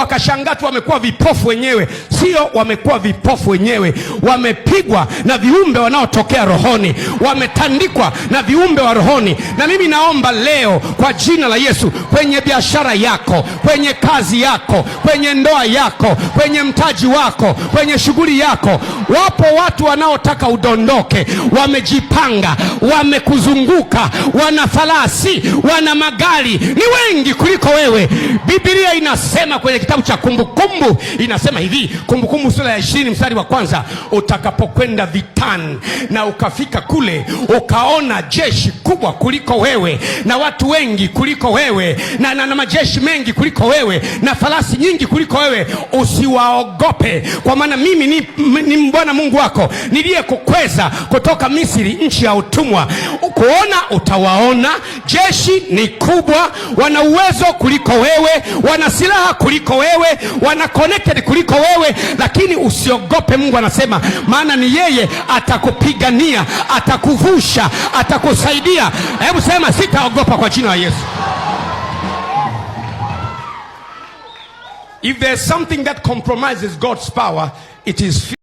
wakashangaa tu wamekuwa vipofu wenyewe. Sio wamekuwa vipofu wenyewe, wamepigwa na viumbe wanaotokea rohoni, wametandikwa na viumbe wa rohoni. Na mimi naomba leo kwa jina la Yesu, kwenye biashara yako, kwenye kazi yako, kwenye ndoa yako, kwenye mtaji wako, kwenye shughuli yako, wapo watu wanaotaka udondoke, wamejipanga, wamekuzunguka, wana farasi, wana magari, ni wengi kuliko wewe. Biblia inasema kwenye kitabu cha Kumbukumbu inasema hivi, Kumbukumbu sura ya ishirini mstari wa kwanza utakapokwenda vitani na ukafika kule ukaona jeshi kubwa kuliko wewe na watu wengi kuliko wewe na, na, na majeshi mengi kuliko wewe na farasi nyingi kuliko wewe, usiwaogope, kwa maana mimi ni, ni Bwana Mungu wako niliyekukweza kutoka Misri, nchi ya utumwa. Kuona utawaona, jeshi ni kubwa, wana uwezo kuliko wewe, wana silaha kuliko wewe, wana connected kuliko wewe, lakini usiogope. Mungu anasema, maana ni yeye atakupigania, atakuvusha, atakusaidia. Hebu sema, sitaogopa kwa jina la Yesu. If there's something that compromises God's power, it is